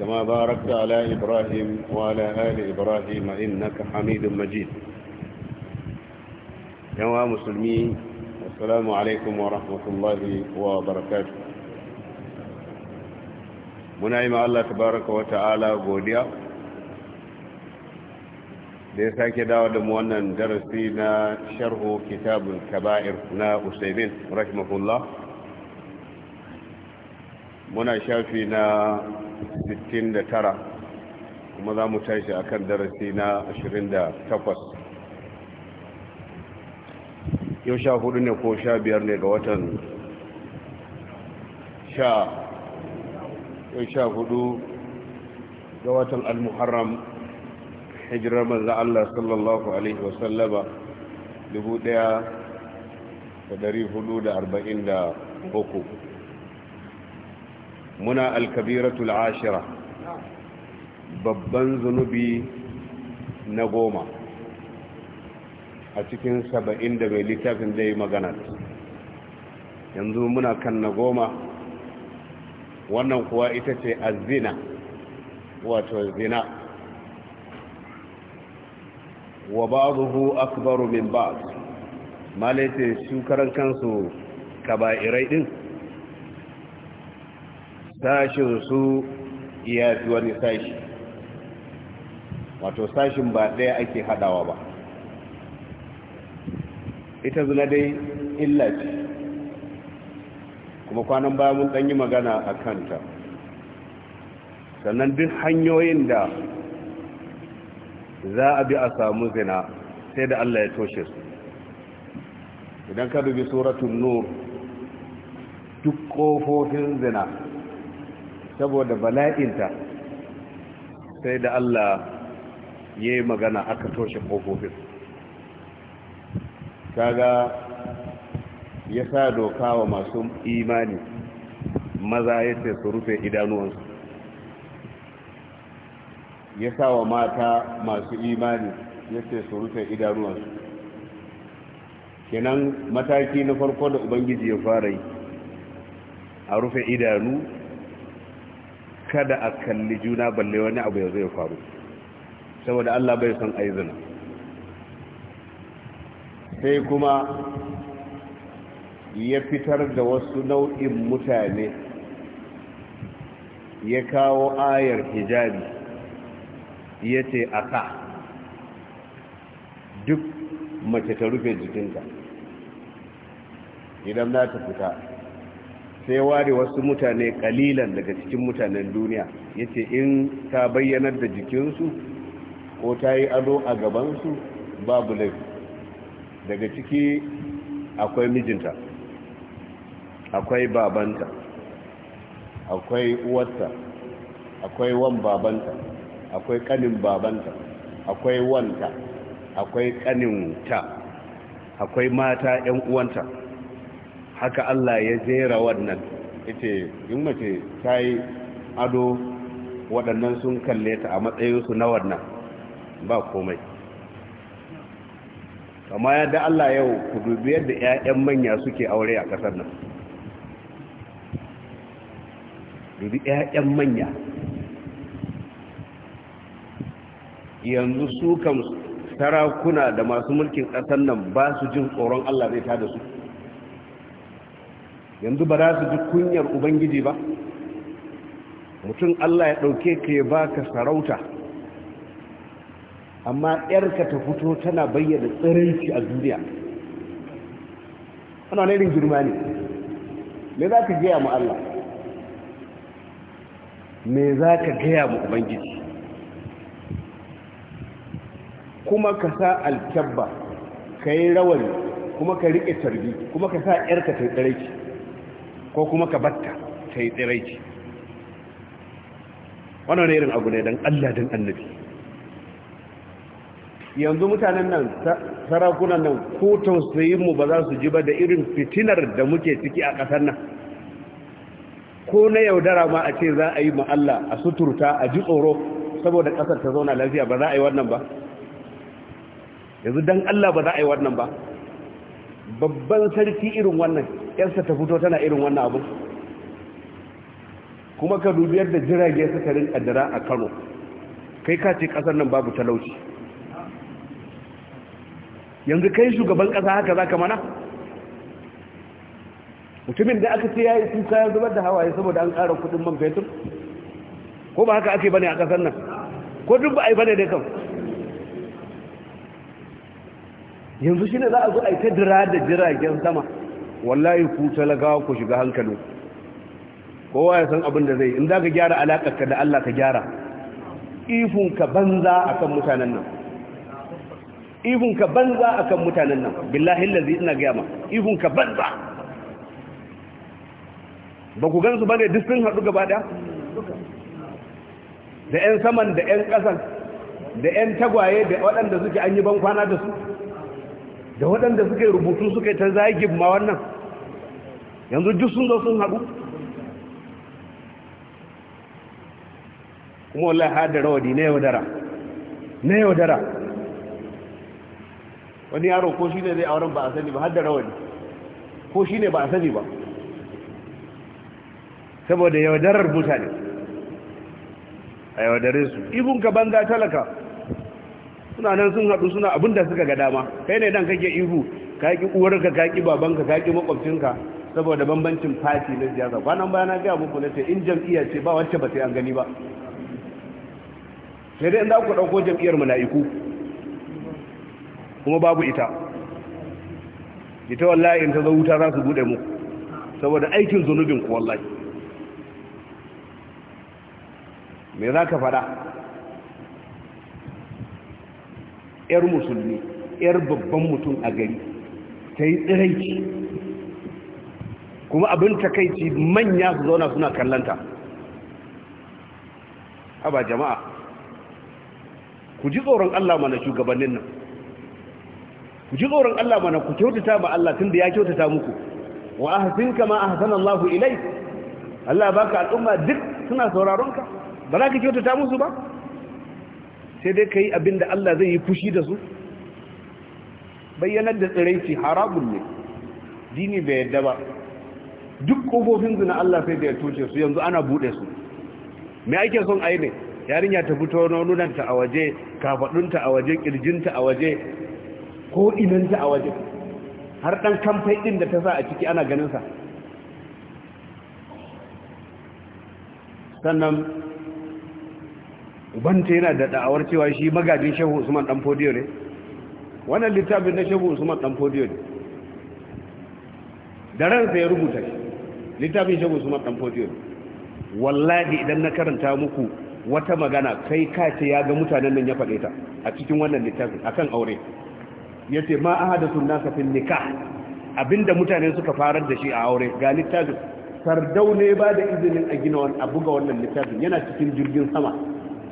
كما باركت على إبراهيم وعلى آل إبراهيم إنك حميد مجيد يا مسلمين السلام عليكم ورحمة الله وبركاته منعم الله تبارك وتعالى قوديا da ya sake dawo da mu wannan darasi na sharhu kitabul kaba'ir na usaimin rahimahullah muna shafi na 69 kuma za mu tashi a kan darasi na 28 yau sha hudu ne ko sha biyar ne ga watan sha yau sha hudu ga watan al-muharram hijirar manzan Allah sallallahu Alaihi wasallama 1443 muna alkabiratul ashira babban zunubi na goma a cikin saba'in da mai littafin zai magana yanzu muna kan na goma wannan kuwa ita ce azina wato zina wa ba'dhu akbaru min ba'd malaita su kansu kaba'irai din sashin su ya fi wani sashi wato sashin ba ɗaya ake haɗawa ba ita zina dai illa ce kuma kwanan ba mun ɗanyi magana a kanta sannan duk hanyoyin da za a bi a samu zina sai da Allah ya toshe su idan ka dubi suratun nur duk ƙofofin zina saboda bala'inta sai da Allah ya yi magana aka toshe ƙofofin kaga ya sa doka wa masu imani maza ya ce su rufe idanuwansu ya sa wa mata masu imani ya ce su rufe idanuwansu kenan mataki na farko da ubangiji ya fara yi a rufe idanu kada a kalli juna balle wani abu ya zai faru saboda Allah bai san a sai kuma ya fitar da wasu nau'in mutane ya kawo ayar hijabi ya ce a sa duk mace ta rufe jikinta idan na ta fita sai ware wasu mutane kalilan daga cikin mutanen duniya ya ce in ta bayyanar da jikinsu ko ta yi ado a gabansu babu laifi daga ciki akwai mijinta akwai babanta akwai uwarta akwai wan babanta akwai kanin babanta akwai wanta akwai kanin ta akwai mata 'yan uwanta haka Allah ya jera wannan ita in mace ta yi ado waɗannan sun kalle ta a matsayinsu na wannan ba komai kama yadda Allah yau ku dubi yadda 'ya'yan manya suke aure a ƙasar nan dubi 'ya'yan manya yanzu sukan sarakuna da masu mulkin ƙasar nan ba su jin tsoron Allah zai da su yanzu ba za su ji kunyar ubangiji ba mutum allah ya ɗauke ka ya baka sarauta amma yarka ta fito tana bayyana tsirinci a duniya ana nairin girma ne me za ka gaya mu allah me za ka gaya mu ubangiji kuma ka sa alkyabba ka yi rawani kuma ka riƙe tarbi kuma ka sa yarka ta tsiraici ko kuma ka batta ta yi tsiraici wannan irin abu ne don allah don annabi yanzu mutanen nan sarakunan nan ko mu ba za su ji ba da irin fitinar da muke ciki a ƙasar nan ko na yaudara ma a ce za a yi ma'alla a suturta a ji tsoro saboda ƙasar ta zauna lafiya ba za a yi wannan ba yanzu don allah ba za a yi wannan ba babban sarki irin wannan yarsa ta fito tana irin wannan abu kuma ka dubi yadda jirage suka rinka dira a kano kai ka ce kasar nan babu talauci yanzu kai shugaban kasa haka za ka mana mutumin da aka ce ya yi suka ya zubar da hawaye saboda an ƙara kudin man fetur ko ba haka ake bane a kasar nan ko duk ba a yi bane dai kawai yanzu shi ne za a zo a yi ta dira da jiragen sama wallahi ku talaga ku shiga hankalin kowa ya san abin da zai in za ka gyara alaƙarka da Allah ka gyara ka banza a kan mutanen nan ka banza a kan mutanen nan billahi lazi ina gaya ma ka banza ba ku gansu ba ne duk sun haɗu gaba ɗaya da 'yan saman da 'yan ƙasan da 'yan tagwaye da waɗanda suke an yi ban kwana da su da waɗanda suka yi rubutu suka yi ta zagin ma wannan yanzu duk sun zo sun haɗu kuma wallahi ha da rawadi na yaudara na yaudara wani yaro ko shi ne zai auren ba a sani ba har da rawadi ko shi ne ba a sani ba saboda yaudarar mutane a yaudare su ibun ka banza talaka suna nan sun haɗu suna abin da suka ga dama kai ne dan kake ihu ka ki uwarka ka ki babanka ka ki makwabcinka saboda bambancin fati na siyasa kwanan baya na gaya muku nace in jam'iyya ce ba wacce ba sai an gani ba sai dai in za ku ɗauko jam'iyyar mala'iku kuma babu ita ita wallahi in ta zo wuta za su buɗe mu saboda aikin zunubin ku wallahi me za ka faɗa ‘yar musulmi ‘yar babban mutum a gari ta yi tsiraici kuma abin takaici manya su zauna suna kallanta haba jama'a ku ji tsoron Allah mana shugabannin nan ku ji tsoron Allah mana ku kyautata ba Allah tun da ya kyautata muku wa hasin kama hasan Allah ilai, Allah baka al'umma duk suna sauraronka, ba za ka kyautata musu ba sai dai ka yi abin Allah zai yi fushi da su bayyanar da tsiraici haramun ne dini bai yadda ba duk kofofin zina Allah sai da ya toce su yanzu ana buɗe su me ake son aini. ne ta fito a waje kafaɗunta a waje ƙirjinta a waje ko inanta a waje har ɗan kamfai ɗin da ta sa a ciki ana ganinsa sannan ubanta yana da da'awar cewa shi magajin shehu usman dan fodiyo ne wannan littafin na shehu usman dan fodiyo ne da ransa ya rubuta shi littafin shehu usman dan fodiyo ne wallahi idan na karanta muku wata magana kai kace ya ga mutanen nan ya faɗe ta a cikin wannan littafin akan aure yace ma ahadatu nasa fil nikah abinda mutane suka farar da shi a aure ga littafin sardaune ba da izinin a gina wani abu ga wannan littafin yana cikin jirgin sama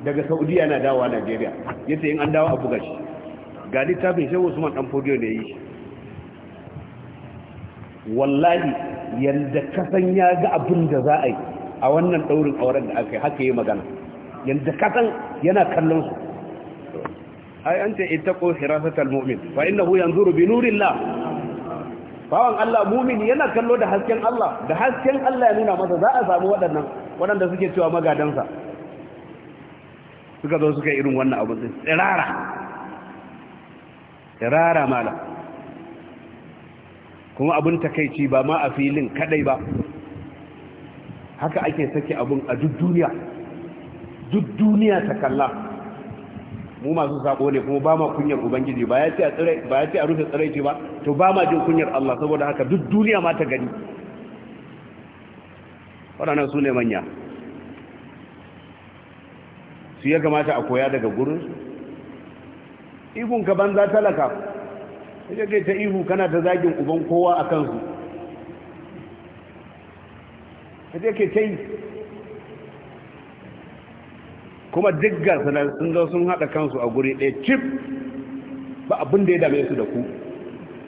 daga saudiya na a najeriya ya ce in an dawo a buga shi ga littafin shi usman dan fodiyo ne yi wallahi yadda kasan ya ga abin da za a yi a wannan ɗaurin auren da aka yi haka yi magana yadda kasan yana kallon su ai an ce ko hirasatal mu'min fa yanzu rubi nurin la. bawan Allah mu'min yana kallo da hasken Allah da hasken Allah ya nuna masa za a samu waɗannan waɗanda suke cewa magadansa suka zo suka irin wannan abu sai tsirara tsirara malam kuma abin takaici ba ma a filin kadai ba haka ake sake abun a duk duniya duk duniya ta kalla mu masu sako ne kuma ba ma kunyar ubangiji ba ya ce a rufe tsiraici ba to ba ma jin kunyar Allah saboda haka duk duniya ma ta gani waɗannan su ne manya su ya kamata a koya daga gurinsu ihun ka banza talaka ya kai ta ihu kana ta zagin uban kowa a kansu ya ke ta yi kuma diggar sun zo sun haɗa kansu a guri ɗaya cif ba abin da ya dame su da ku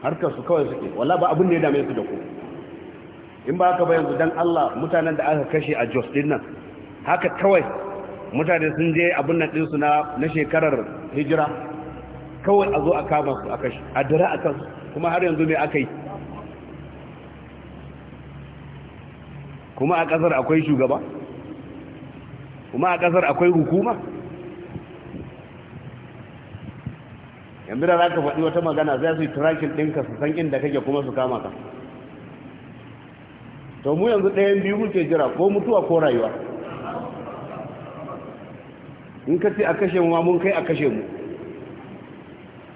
harkar su kawai suke wala ba abin da ya dame su da ku in ba haka bayan yanzu don allah mutanen da aka kashe a jos din nan haka kawai mutane sun je abin nan ɗinsu na shekarar hijira kawai a zo a kama su a kashi a dira a kansu kuma har yanzu ne aka yi kuma a ƙasar akwai shugaba kuma a ƙasar akwai hukuma yanzu da za ka faɗi wata magana zai su yi turakin ɗinka su san inda kake kuma su kama ka to mu yanzu ɗayan biyu muke jira ko mutuwa ko rayuwa in ka ce a kashe mu mun kai a kashe mu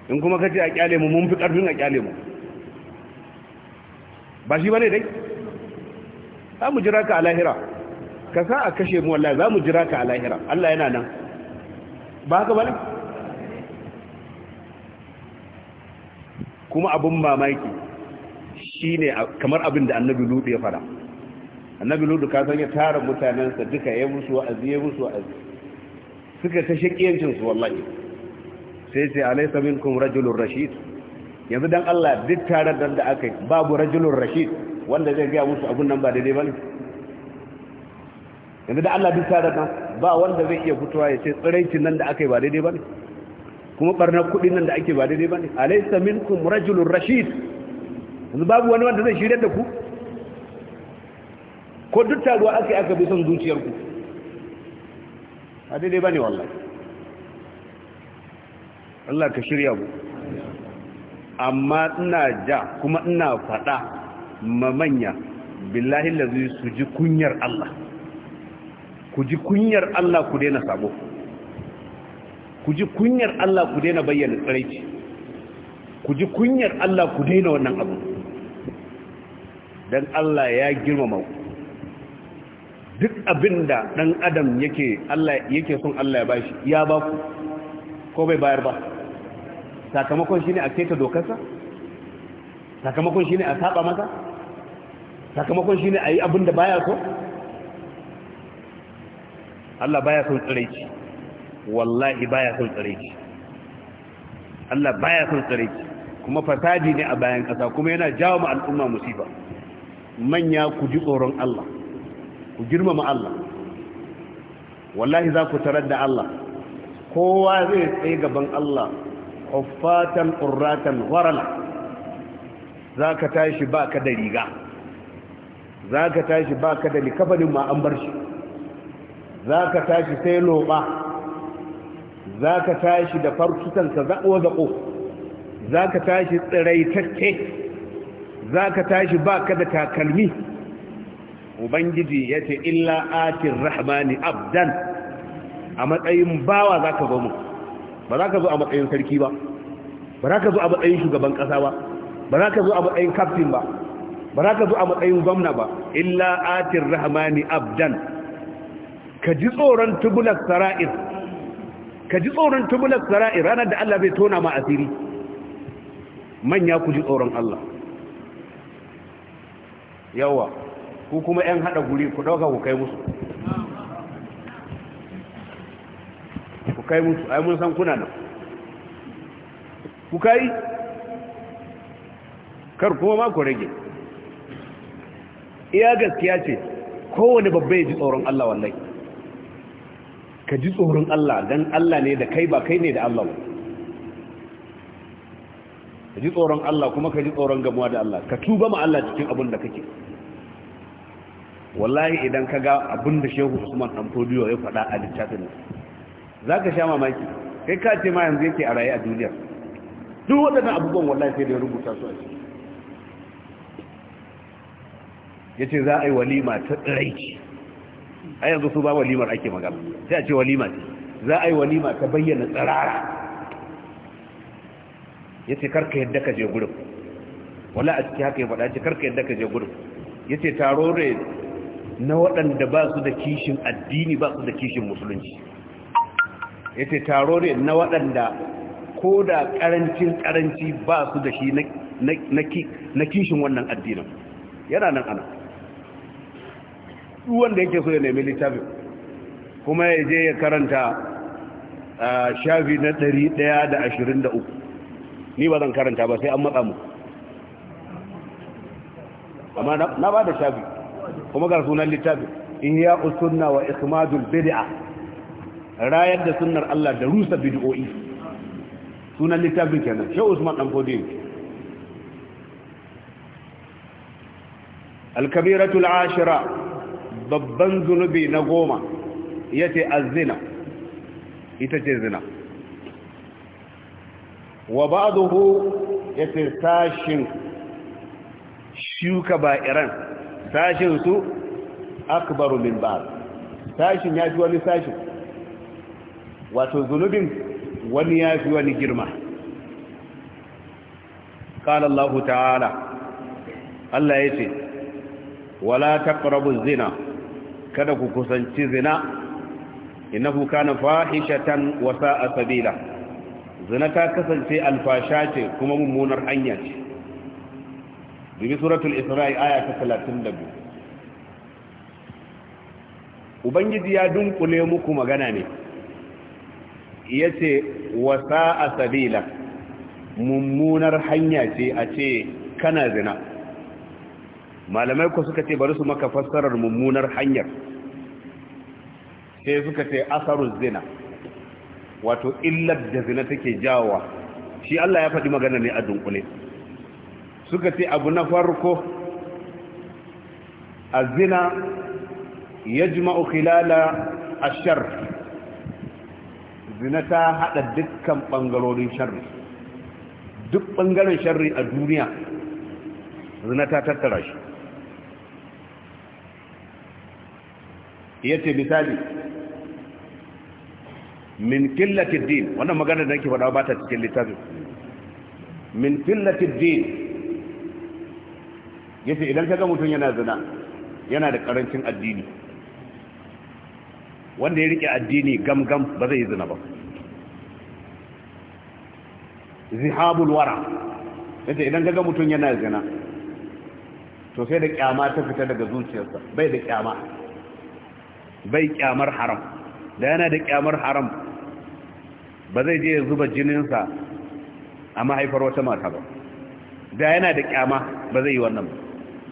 in kuma ka ce a kyale mu mun fi karfin a kyale mu ba shi bane dai za mu jira ka a lahira ka sa a kashe mu wallahi za mu jira ka a lahira Allah yana nan ba haka bane kuma abin mamaki shi ne kamar abin da annabi lutu ya fara annabi lutu ka sanya ya tara mutanensa duka ya musu wa'azi ya musu wa'azi suka ta shakiyancin su wallahi sai sai alaysa minkum rajulun rashid yanzu dan Allah duk tare da aka yi babu rajulun rashid wanda zai ga musu abun nan ba daidai bane yanzu don Allah duk tare da ba wanda zai iya fitowa ya ce tsiraicin nan da aka yi ba daidai bane kuma barnar kudin nan da ake ba daidai bane alaysa minkum rajulun rashid yanzu babu wani wanda zai shirye da ku ko duk taruwa aka yi aka bi son zuciyarku ba daidai ba ne wallah Allah ka shirya mu amma ina ja kuma ina faɗa ma manya billahi lazi su ji kunyar Allah ku ji kunyar Allah ku daina sabo ku ji kunyar Allah ku daina bayyana tsaraici ku ji kunyar Allah ku daina wannan abu don Allah ya girmama ku duk abin da ɗan adam yake son Allah ya bashi ya ba ku ko bai bayar ba sakamakon shi ne a keta dokarsa sakamakon shi ne a saba masa sakamakon shi ne a yi abin da baya so Allah baya son tsiraici wallahi baya son tsiraici Allah baya sun tsiraici kuma fasadi ne a bayan ƙasa kuma yana jawo ma al'umma musiba manya ku ji tsoron Allah ku girmama Allah wallahi za ku tarar da Allah kowa zai tsaye gaban Allah huffatan ƙurratan warala za ka tashi ba ka da riga za ka tashi ba ka da likafanin ma an bar shi za ka tashi sai loɓa, za ka tashi da farkutansa za'o-za'o, za ka tashi tsiraitacce za ka tashi ba ka da takalmi ubangiji ya ce illa atin rahmani abdan a matsayin bawa za ka mu ba za ka zo a matsayin sarki ba ba za ka zo a matsayin shugaban ƙasa ba ba za ka zo a matsayin kaftin ba ba za ka zo a matsayin gwamna ba illa atin rahmani abdan ka ji tsoron tubular sara'ir ka ji tsoron tubular sara'ir ranar da Allah bai tona ma asiri manya ku ji tsoron Allah yawa ku kuma 'yan haɗa guri ku ɗauka ku kai musu ku kai musu ai mun san kuna nan ku kai kar kuma ma ku rage iya gaskiya ce kowane babba ya ji tsoron Allah wallahi ka ji tsoron Allah don Allah ne da kai ba kai ne da Allah ka ji tsoron Allah kuma ka ji tsoron gamuwa da Allah ka tuba ma Allah cikin abin da kake wallahi idan ka ga abin da shehu usman dan fodiyo ya faɗa a littafin za ka sha mamaki kai ka ce ma yanzu yake a raye a duniya duk waɗannan abubuwan wallahi sai da ya rubuta su a ciki ya ce za a yi walima ta tsiraici a yanzu su ba walimar ake magana sai a ce walima ce za a yi walima ta bayyana tsirara ya ce karka yadda ka je gudun wala a ciki haka ya faɗa ce karka yadda ka je gudun ya ce taro ne na waɗanda ba su da kishin addini ba su da kishin musulunci ya ce taro ne na waɗanda ko da ƙarancin ƙaranci ba su da shi na kishin wannan addinin yana nan ana wanda yake so ya nemi littafin kuma ya je ya karanta shafi na 123 ni ba zan karanta ba sai an matsa mu amma na ba da shafi kuma ga sunan littafin ihya usunna wa ikmadul bid'a rayar da sunnar Allah da rusa bid'o'i sunan littafin kenan shi Usman dan Fodi al-kabiratu al-ashira babban zunubi na goma yace az-zina ita ce zina wa ba'dahu yace tashin shuka ba iran sashin su akbaru min ba sashin ya fi wani sashin wato zunubin wani ya fi wani girma قال ta'ala Allah ya Wala wala تقربوا zina. kada ku kusanci zina innahu kana fahishatan wa sa'a sabila zina ta kasance alfasha ce kuma mummunar hanya ce dubi suratul isra'i aya ta 32 ubangiji ya dunkule muku magana ne yace wasa a sabila mummunar hanya ce a ce kana zina malamai ku suka ce bari su maka fassarar mummunar hanyar sai suka ce asarun zina wato illar da zina take jawowa shi Allah ya faɗi magana ne a dunkule suka ce abu na farko A azina ya jima'u a shar. zina ta haɗa dukkan ɓangarorin sharri duk ɓangaren sharri a duniya zina ta tattara shi ya ce misali min killatin din wannan magana da nake faɗa ba ta cikin littafin min killatin din yace idan kaga mutum yana zina yana da karancin addini wanda ya rike addini gam-gam ba zai yi zina ba zihabul wara yace idan kaga mutum yana zina to sai da kyama ta fita daga zuciyarsa bai da kyama bai kyamar haram da yana da kyamar haram ba zai je ya zuba jininsa a mahaifar wata mata ba da yana da kyama ba zai yi wannan ba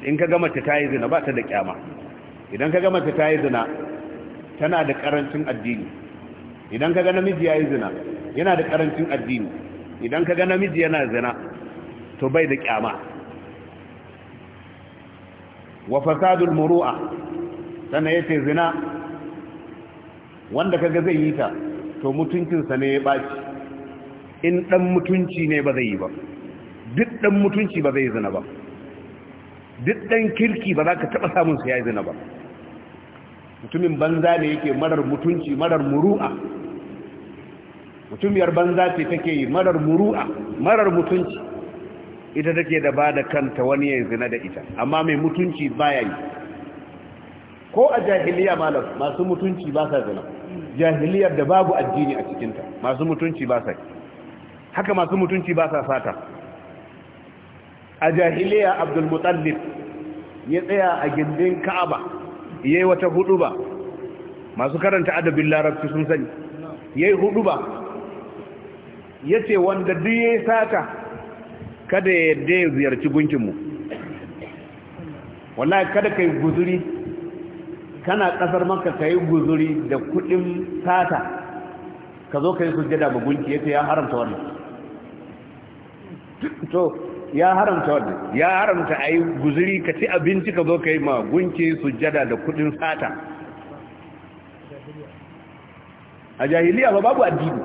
in ka gama ta yi zina ba ta da kyama idan ka gama ta yi zina tana da karancin addini idan ka ga namiji ya yi zina yana da karancin addini idan ka ga namiji yana zina to bai da kyama wa fasadul muru'a sannan yace zina wanda kaga zai yi ta to mutuncinsa ne ya baci in dan mutunci ne ba zai yi ba duk dan mutunci ba zai zina ba duk ɗan kirki ba za ka taɓa samun su ya yi zina ba mutumin banza ne yake marar mutunci marar muru'a mutumiyar banza ce take yi marar muru'a marar mutunci ita take da ba da kanta wani ya zina da ita amma mai mutunci baya yi ko a jahiliya malam masu mutunci ba sa zina jahiliyar da babu addini a cikinta masu mutunci ba sa haka masu mutunci ba sa fata a jahiliya abdulmutallif ya tsaya a gindin ka'aba ya yi wata hudu masu karanta adabin larabci sun sani ya yi hudu ya ce wanda duk ya yi sata kada ya yadda ya ziyarci gunkinmu wallahi kada ka yi guzuri kana kasar maka ka yi guzuri da kudin sata ka zo ka yi sujjada ba gunki ya ce ya haramta wannan to ya haramta wannan ya haramta a yi guzuri ka ci abinci ka zo ka yi ma gunki sujjada da kudin sata a jahiliya ba babu addini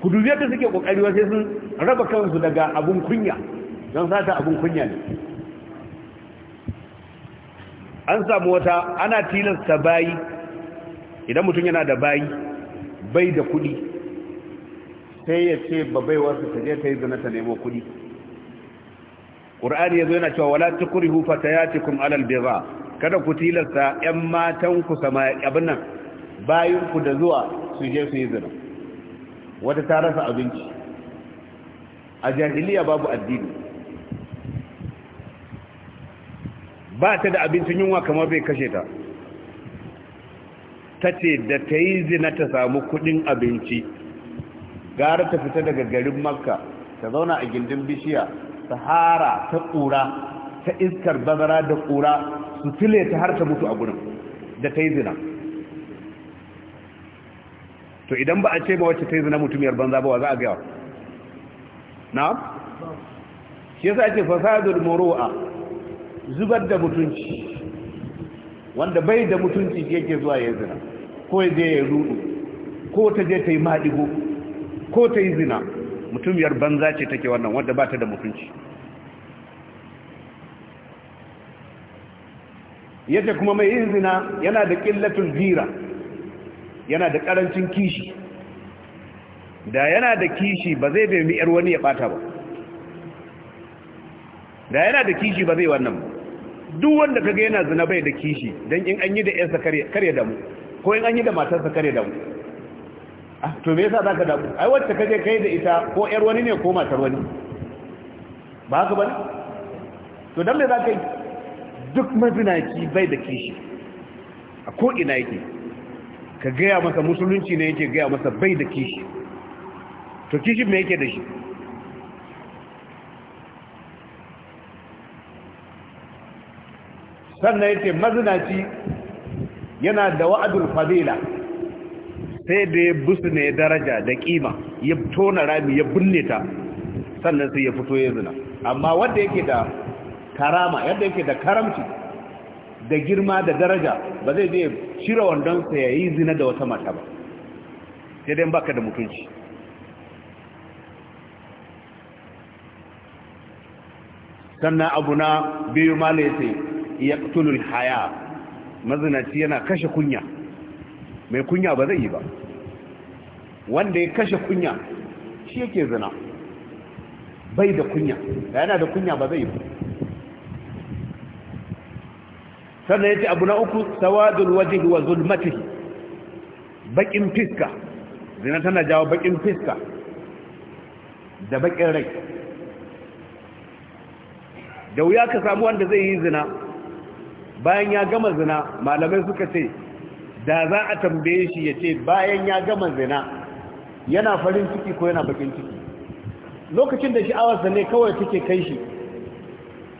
kuduriyar da suke kokari wasu sun raba kansu daga abun kunya don sata abun kunya ne an samu wata ana tilasta bayi idan mutum yana da bayi bai da kudi sai ya ce wasu ta je ta yi zana ta nemo kudi ƙur'ani yazo yana cewa wala tukrihu fatayatikum alal bidha kada ku tilasta 'yan matan ku sama abin nan bayin ku da zuwa su je su yi zina wata ta rasa abinci a jahiliya babu addini ba ta da abincin yunwa kamar bai kashe ta ta ce da ta yi zina ta samu kudin abinci gara ta fita daga garin makka ta zauna a gindin bishiya sahara ta ƙura ta iskar bazara da ƙura su tile ta har ta mutu a gudun da ta yi zina to idan ba a ce ma wacce ta yi zina mutumiyar banza ba wa za a gawa na? shi yasa ce fasadul moro'a zubar da mutunci wanda bai da mutunci yake zuwa ya zina ko ya je ya rudu ko ta je ta yi maɗigo ko ta yi zina mutumiyar banza ce take wannan wadda ba ta da mutunci yadda kuma mai yin zina yana da ƙillatun zira yana da ƙarancin kishi da yana da kishi ba zai bai yar wani ya ɓata ba da yana da kishi ba zai wannan duk wanda kaga yana zina bai da kishi don in an yi da kare da damu ko in an yi da matarsa da damu Ah, to me yasa zaka damu ai wacce kaje kai da ita ko yar wani ne ko matar wani ba haka bane to dan me zaka yi duk mabinaki bai da kishi a ko ina yake ka gaya masa musulunci ne yake gaya masa bai da kishi to kishi me yake da shi sannan yake mazinaci yana da wa'adul fadila sai da ya busu ne daraja da kima ya tona rami ya binne ta sannan sai ya fito ya zina amma wanda yake da karama yadda yake da karamci da girma da daraja ba zai je shira wandon sa yi zina da wata mata ba sai dai baka da mutunci sannan abu na biyu ma ya ya haya mazinaci yana kashe kunya mai kunya ba zai yi ba wanda ya kashe kunya shi yake zina bai da kunya da yana da kunya ba zai yi ba sannan ya ce abu na uku sawadul waje wa zulmatin bakin fiska zina tana jawo bakin fiska da bakin rai da wuya ka samu wanda zai yi zina bayan ya gama zina malamai suka ce da za a tambaye shi ya ce bayan ya gama zina yana farin ciki ko yana bakin ciki lokacin da sha'awarsa ne kawai take kai shi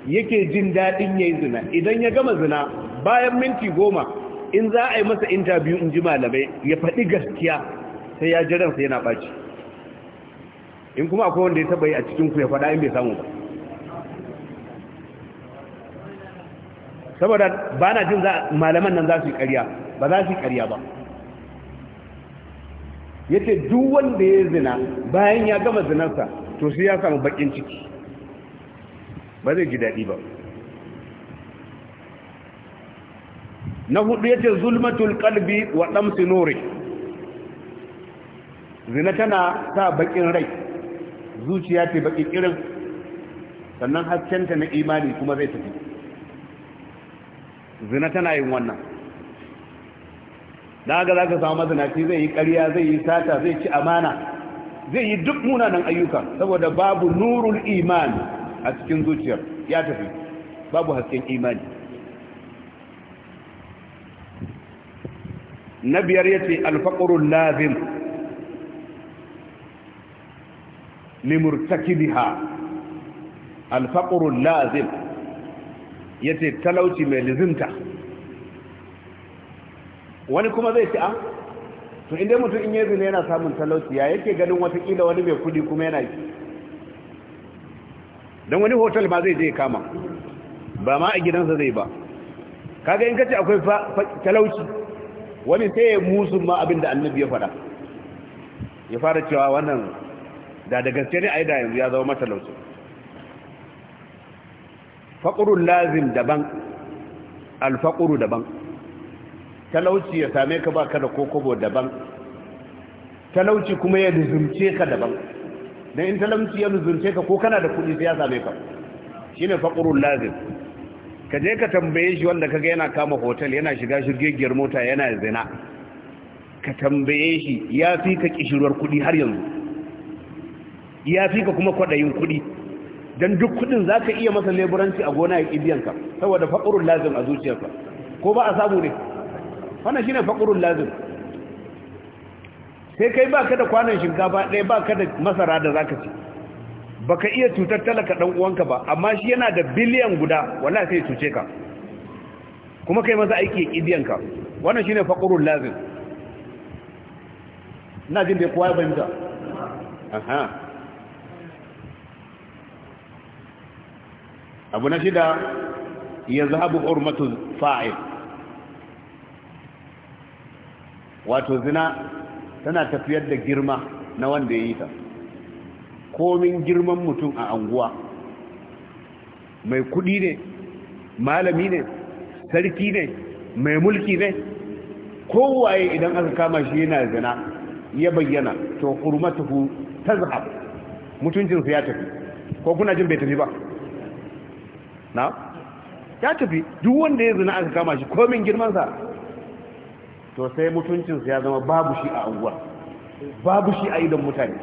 yake jin daɗin ya yi zina idan ya gama zina bayan minti goma in za a yi masa intabiyu in ji malamai ya faɗi gaskiya sai ya jiransa yana ɓaci in kuma akwai wanda ya taɓa yi a cikinku ya faɗa in bai samu ba saboda ba na jin malaman nan za su yi ƙarya ba za su karya ba ya ce duk wanda ya zina bayan ya gama zinarsa to sai ya samu bakin ciki ba zai ji daɗi ba na hudu ya ce zulmatul kalbi wa ɗamsi zina tana sa bakin rai zuciya ce baki irin sannan haskenta na imani kuma zai tafi zina tana yin wannan da haka za ka samu mazinaci zai yi ƙarya zai yi sata zai ci amana zai yi duk munanan ayyuka saboda babu nurul iman a cikin zuciyar ya tafi babu hasken imani na biyar ya ce alfaƙarun lazim biha alfaƙorun lazim ya ce talauci mai lizinta. wani kuma zai ci a ah, to inda mutum in yi zina yana samun talauci ya yake ganin watakila wani mai kudi kuma yana yi don wani hotel ba zai je kama ba ma a gidansa zai ba kaga in kace akwai talauci wani sai ya musu ma abin da annabi ya fada ya fara cewa wannan da da gaske ne a yi da yanzu ya zama matalauci faƙurun lazim daban alfaƙuru daban talauci ya same ka ba ka da kokobo daban talauci kuma ya nuzumce ka daban don in talauci ya nuzumce ka ko kana da kuɗi sai ya same ka shi ne faƙurun lazim ka je ka tambaye shi wanda kaga yana kama hotel yana shiga shirgegiyar mota yana zina ka tambaye shi ya fi ka kishirwar kuɗi har yanzu ya fi ka kuma kwaɗayin kuɗi don duk kuɗin za ka iya masa leburanci a gona ya ƙibiyanka saboda faƙurun lazim a zuciyarka ko ba a samu ne wannan shine faqrul lazim sai kai baka da kwanan shinkafa ɗaya baka da masara da zaka ci baka iya cutar talaka dan uwanka ba amma shi yana da biliyan guda wallahi sai cuce ka kuma kai maza aiki kidiyan ka wannan shine faqrul lazim ina jin da kowa ya bayyana aha abu na shida ya zahabu hurmatu fa'il wato zina tana tafiyar da girma na wanda ya yi ta komin girman mutum a anguwa mai kudi ne malami ne sarki ne mai mulki ne kowaye idan aka kama shi yana zina ya bayyana to hurmatuhu tazhab mutuncinsa ya tafi ko kuna jin bai tafi ba na ya tafi duk wanda ya zina aka kama shi komin girmansa to sai mutuncinsu ya zama babu shi a anguwa babu shi a idan mutane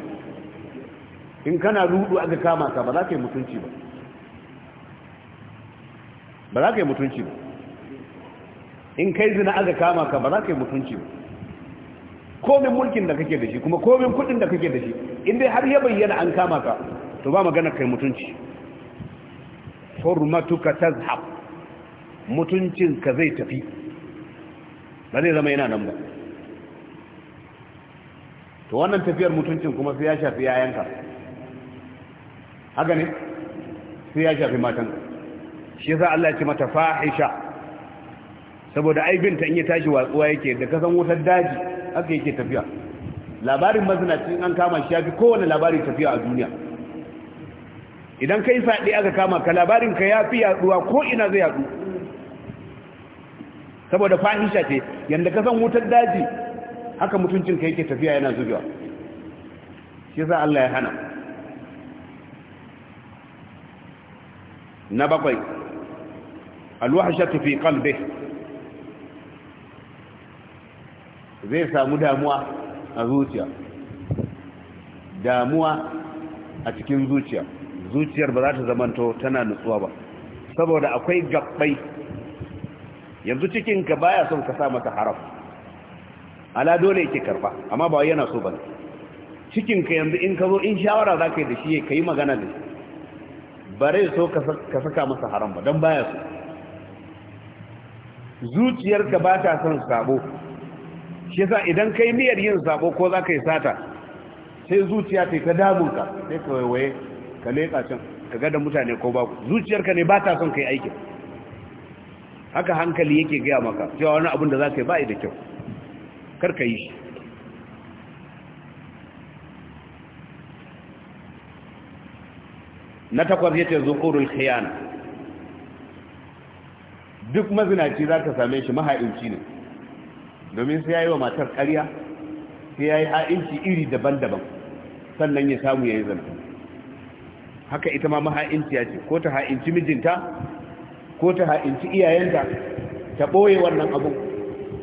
in kana rudu aka kama ka ba za ka yi mutunci ba ba za ka yi mutunci ba in kai zina aka kama ka ba za ka yi mutunci ba komin mulkin da kake da shi kuma komin kudin da kake da shi in dai har ya bayyana an kama ka to ba magana kai mutunci hurmatuka tazhab mutuncinka zai tafi ba zai zama yana nan ba to wannan tafiyar mutuncin kuma sai ya shafi yayanka haka ne sai ya shafi matanka shi yasa Allah ya ce mata fahisha saboda aibinta in ya tashi watsuwa yake da kasan wutar daji haka yake tafiya labarin mazinacin an kama shi ya fi kowane labari tafiya a duniya idan kai faɗi aka kama ka labarin ka ya fi yaduwa ko ina zai yadu saboda fahisha ce yanda ka san wutar daji haka mutuncin ka yake tafiya yana zubewa shi yasa Allah ya hana na bakwai alwahshatu fi qalbi zai samu damuwa a zuciya damuwa a cikin zuciya zuciyar ba za ta zamanto tana nutsuwa ba saboda akwai gabbai yanzu cikinka baya son ka sa mata haram ala dole yake karba amma ba yana so bane cikinka yanzu in ka zo in shawara za ka yi da shi ka yi magana da shi bare so ka saka masa haram ba don baya so zuciyarka ba ta son sabo shi yasa idan kai miyar yin sabo ko za ka yi sata sai zuciya ta yi damun ka sai ka waiwaye ka leƙa can ka ga da mutane ko ba zuciyarka ne ba ta son kai aikin haka hankali yake gaya maka cewa wani abin da za ka yi ba da kyau karka yi na takwas yace zuqurul khiyana duk mazinaci za ka same shi maha'inci ne domin sai ya yi wa matar karya, sai ya yi ha'inci iri daban-daban sannan ya samu ya yi zanta haka ita ma maha'inci ya ce ko ta ha'inci mijinta ko ta ha'inci iyayenta ta ɓoye wannan abu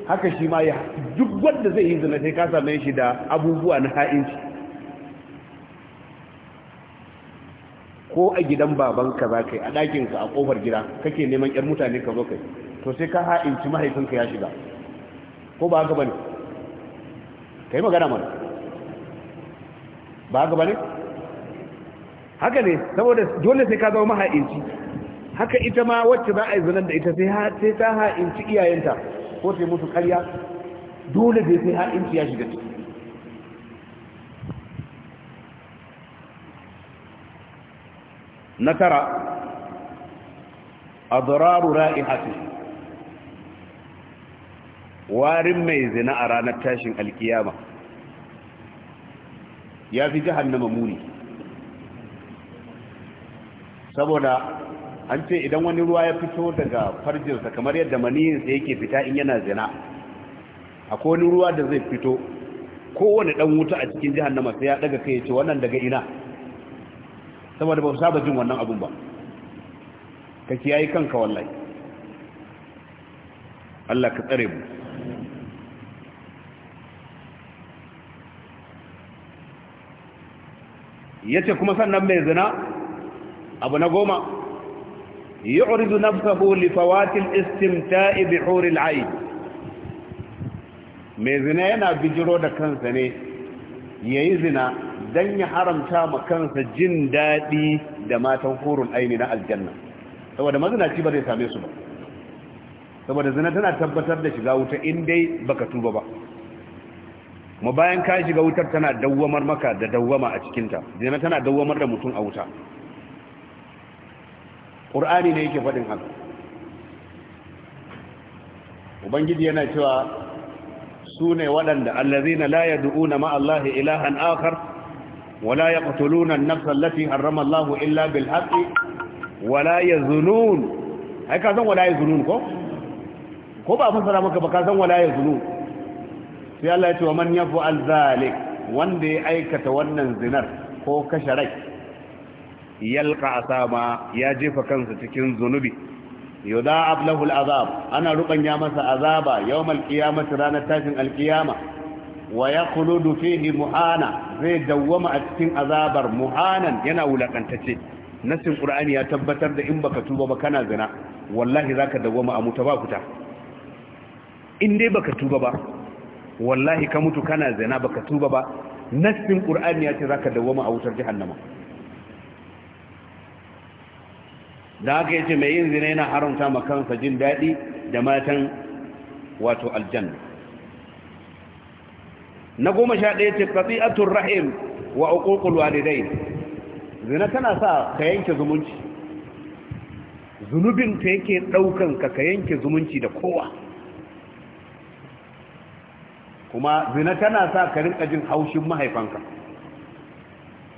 haka shi ma ya duk wanda zai yi zina sai ka same shi da abubuwa na ha'inci ko a gidan ka za ka yi a ɗakinka a ƙofar gida kake neman 'yar mutane ka zo kai to sai ka ha'inci mahaifinka ya shiga ko ba haka ba ne ka yi magana mana ba haka ba ne haka ne saboda dole sai ka zama maha'inci haka ita ma wacce za a yi zanen da ita sai ta ha'inci iyayenta ko sai musu karya dole da sai ha'inci ya shiga ciki na tara a zararu ra'ihati warin mai zina a ranar tashin alkiyama ya fi na muni saboda an ce idan wani ruwa ya fito daga farjinsa kamar yadda maniyinsa yake fita in yana zina akwai wani ruwa da zai fito kowane dan wuta a cikin jahannama sai ya daga kai ya ce wannan daga ina saboda ba su saba jin wannan abun ba ka kiyaye kanka wallahi Allah ka tsare mu yace kuma sannan mai zina abu na goma yu'ridu nafsahu li fawatil istimta'i mai zina yana bijiro da kansa ne yayi zina dan ya haramta ma kansa jin daɗi da matan hurul aini na aljanna saboda mazinaci ba zai same su ba saboda zina tana tabbatar da shiga wuta in dai baka tuba ba mu bayan ka shiga wutar tana dawwamar maka da dawwama a cikinta zina tana dawwamar da mutum a wuta ƙur'ani ne yake faɗin haka ubangiji yana cewa su ne waɗanda allazina la yad'una ma Allah ilahan akar. wala yaqtuluna an-nafs allati harrama illa bil haqqi wala zunun. ai ka san wala zunun ko ko ba fasara maka ba ka san wala zunun. sai Allah ya ce wa man yaf'al zalik wanda ya aikata wannan zinar ko kashe rai Yalƙa asama ya jefa kansa cikin zunubi yuda ablahu al'azab ana rubanya masa azaba yawmal qiyamati ranar tashin alkiyama wa yaquludu fihi muhana zai dawwama a cikin azabar muhanan yana wulakantace nasin qur'ani ya tabbatar da in baka tuba ba kana zina wallahi ka dawwama a mutu ba kuta in dai baka tuba ba wallahi ka mutu kana zina baka tuba ba nasin qur'ani ya ce zaka dawwama a wutar nama. da haka yace mai yin zina yana haramta ma kansa jin daɗi da matan wato aljanna na goma sha ɗaya ce qati'atur rahim wa uququl walidain zina tana sa ka yanke zumunci zunubin ta yake daukan ka ka yanke zumunci da kowa kuma zina tana sa ka rinka jin haushin mahaifanka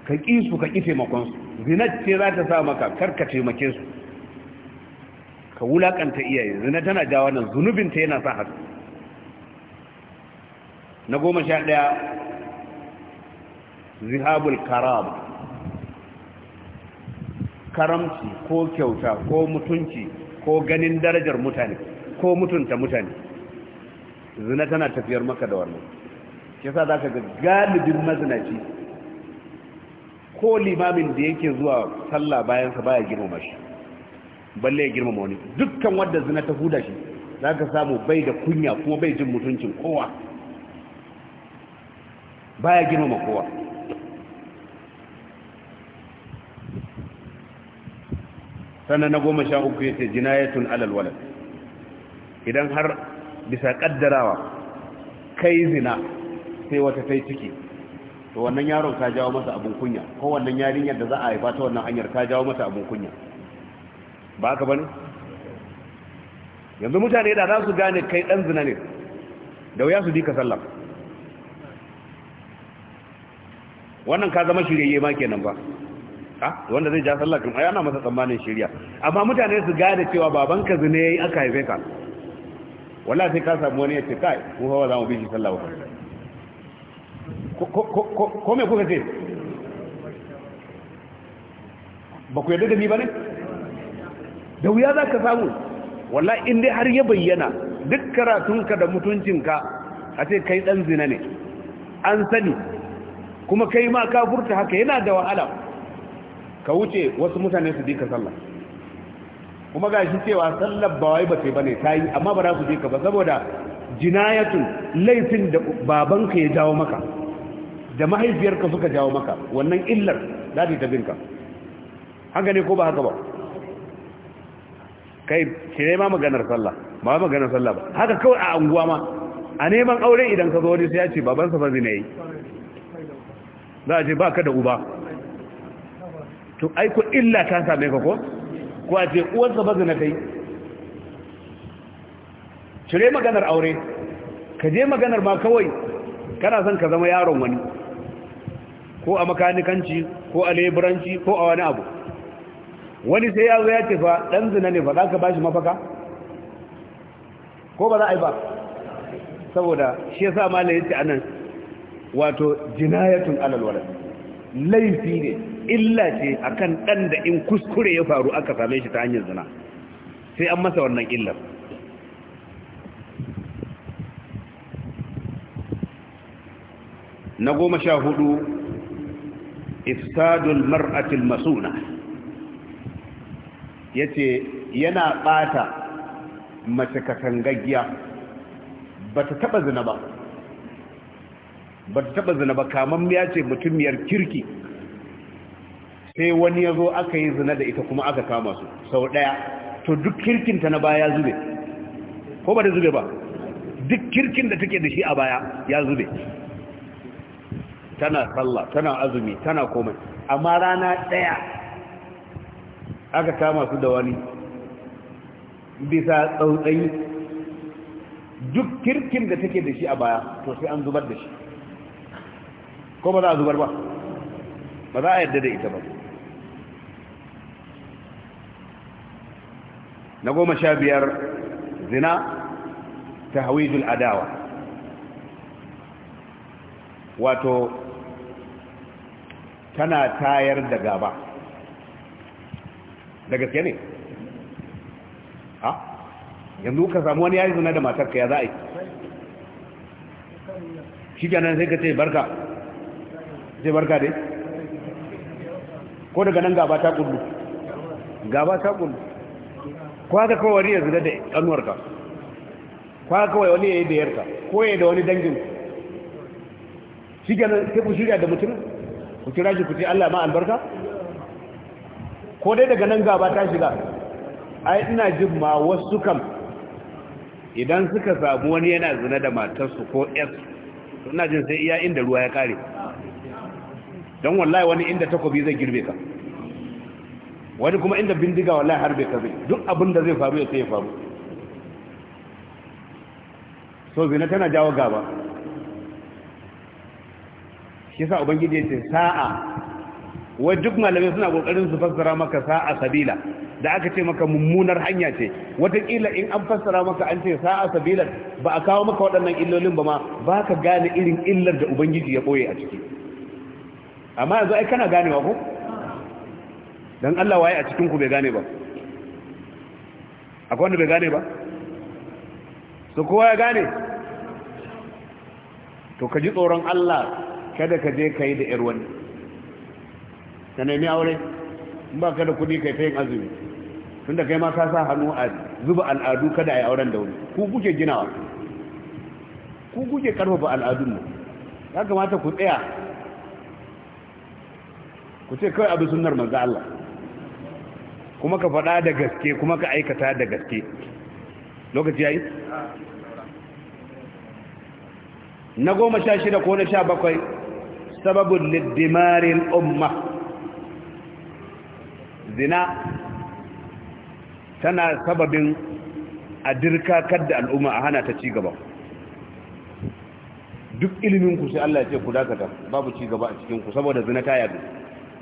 ka ƙi su ka ƙi taimakonsu zinat ce za ta sa maka karka taimake su ka wulakanta iyaye zina tana jawo nan ta yana sa haka na goma sha ɗaya zihabul karam karamci ko kyauta ko mutunci ko ganin darajar mutane ko mutunta mutane zina tana tafiyar maka da wannan kisa za ka ga galibin mazinaci ko limamin da yake zuwa sallah bayansa baya girmama shi balle ya girmama wani dukkan wanda zina ta huda shi za ka samu bai da kunya kuma bai jin mutuncin kowa baya girmama kowa sannan na goma sha uku ya jinayatun alal walad idan har bisa kaddarawa kai zina sai wata ta ciki to wannan yaron ka jawo masa abun kunya ko wannan yarinyar da za a haifa ta wannan hanyar ka jawo masa abun kunya ba ka bane yanzu mutane da za su gane kai dan zina ne da wuya su dika sallah wannan ka zama shiryayye ma kenan ba ha wanda zai ja sallah kan ai ana masa tsammanin shirya amma mutane su gane cewa baban ka zina yayi aka haife ka wallahi sai ka samu wani ya ce kai ko hawa za mu bi shi sallah ba ko me kuka ce ba ku yadda da ni ba ne da wuya za ka samu wallahi in dai har ya bayyana duk karatunka da mutuncinka a ce kai dan zina ne an sani kuma kai ma ka furta haka yana da wahala ka wuce wasu mutane su dika sallah kuma ga shi cewa sallar ba wai ba sai bane ta yi amma ba za su ka ba saboda jinayatun laifin da babanka ya jawo maka da mahaifiyarka suka jawo maka wannan illar za ta binka haka ne ko ba haka ba kai cire ma maganar sallah ba maganar sallah ba haka kawai a anguwa ma a neman aure idan ka zo wani sai ya ce babansa fa zina yi za a ce ba ka da uba to aiko illa ta same ka ko ko a ce uwarsa ba zina kai cire maganar aure ka je maganar ma kawai kana son ka zama yaron wani ko a makanikanci ko a leburanci ko a wani abu wani sai ya zo ya ce fa dan zina ne ba za ka bashi mafaka ko ba za a yi ba saboda shi yasa malai yace anan wato jinayatun alal walad laifi ne illa ce akan ɗan da in kuskure ya faru aka same shi ta hanyar zina sai an masa wannan illar na goma sha hudu إفساد mar'atil masuna yace yana قاتا mace katangaggiya bata taba zina ba bata taba zina ba ya ce kirki sai wani zo aka yi zina da ita kuma aka kama su sau daya to duk kirkinta na baya zube ko ba da zube ba duk kirkin da take da shi a baya ya zube tana sallah tana azumi tana komai amma rana ɗaya aka kama su da wani bisa tsautsayi duk kirkin da take da shi a baya to sai an zubar da shi ko ba za a zubar ba ba za a yarda da ita ba na goma sha biyar zina ta hawizul adawa wato tana tayar da gaba da gaske ne ha yanzu ka samu wani yari zuna da matarka ya za a yi shi kenan sai ka ce barka sai barka dai ko daga nan gaba ta kullu gaba ta kullu ko haka kawai wani ya zuna da ƙanuwarka ko haka kawai wani ya yi da yarka ko ya yi da wani dangin shi kenan sai ku shirya da mutum ku kira ji ku ce Allah ma albarka ko dai daga nan gaba ta shiga ai ina jin ma wasu kam idan suka samu wani yana zina da matarsu ko su ina jin sai iya inda ruwa ya kare don wallahi wani inda takobi zai girbe ka wani kuma inda bindiga wallahi harbe ka zai duk abin da zai faru ya sai ya faru so zina tana jawo gaba Yasa ubangiji yace ce sa'a wai duk malamai suna kokarin su fassara maka sa'a sabila da aka ce maka mummunar hanya ce wataƙila in an fassara maka an ce sa'a sabila ba a kawo maka waɗannan illolin ba ma ba ka gane irin illar da ubangiji ya ɓoye a ciki amma yanzu ai kana ganewa ko don allah waye a cikin ku bai gane ba akwai wanda bai gane ba su kowa ya gane to ka ji tsoron allah kada ka je ka yi da 'yar wani ka nemi aure in ba ka da kuɗi ka yi ta yin azumi tun da kai ma ka sa hannu a zuba al'adu kada a yi auren da wani ku kuke ginawa ku kuke karfafa al'adun nan ya kamata ku tsaya ku ce kawai abu sunnar manzo Allah kuma ka faɗa da gaske kuma ka aikata da gaske lokaci yayi na goma sha shida ko na sha bakwai سبب للدمار الأمة zina tana sababin a كد الأمة al'umma a hana ta ci gaba duk iliminku sai Allah ya ce ku dakata babu ci gaba a cikinku saboda zina ta yadu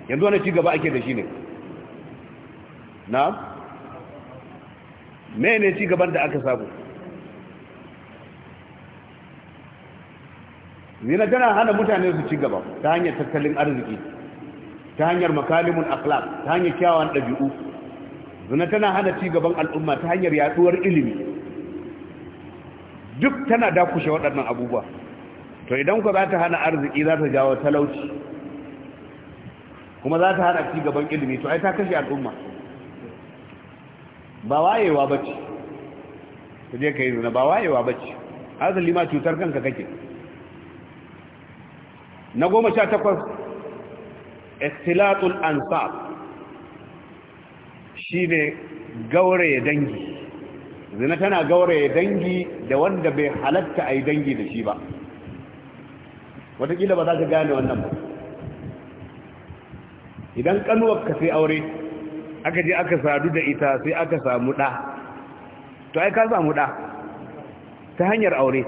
yanzu wani ci gaba ake da shi ne na mene ci gaban da aka sabu zina tana hana mutane su ci gaba ta hanyar tattalin arziki ta hanyar makalimun akhlaq ta hanyar kyawawan ɗabi'u zina tana hana ci gaban al'umma ta hanyar yaduwar ilimi duk tana dakushe waɗannan abubuwa to idan ku za ta hana arziki za ta jawo talauci kuma za ta hana ci gaban ilimi to ai ta kashe al'umma ba wayewa bace to je ka yi zina ba wayewa bace azali ma cutar kanka kake na goma sha takwas istilatul ansab shi ne gauraye dangi zina tana gauraye dangi da wanda bai halatta a yi dangi da shi ba watakila ba za ka gane wannan ba idan ka sai aure aka je aka sadu da ita sai aka samu ɗa to ai ka samu ɗa ta hanyar aure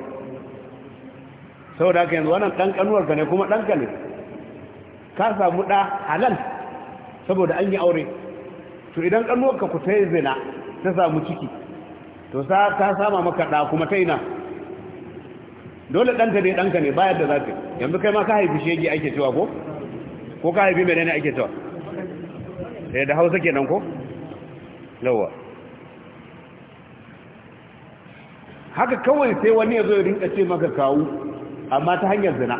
da haka yanzu wannan dan kanuwar ka ne kuma dan ne ka samu ɗa halal saboda an yi aure to idan ƙanuwarka ka ku yi zina ta samu ciki to sa ta sama maka ɗa kuma ta ina dole ɗanka ne ɗanka ne bayar da zafi yanzu kai ma ka haifi shege ake cewa ko ko ka haifi mai ne ake cewa sai eh, da hausa kenan ko lawa haka kawai sai wani ya zo rinka ce maka kawu amma ta hanyar zina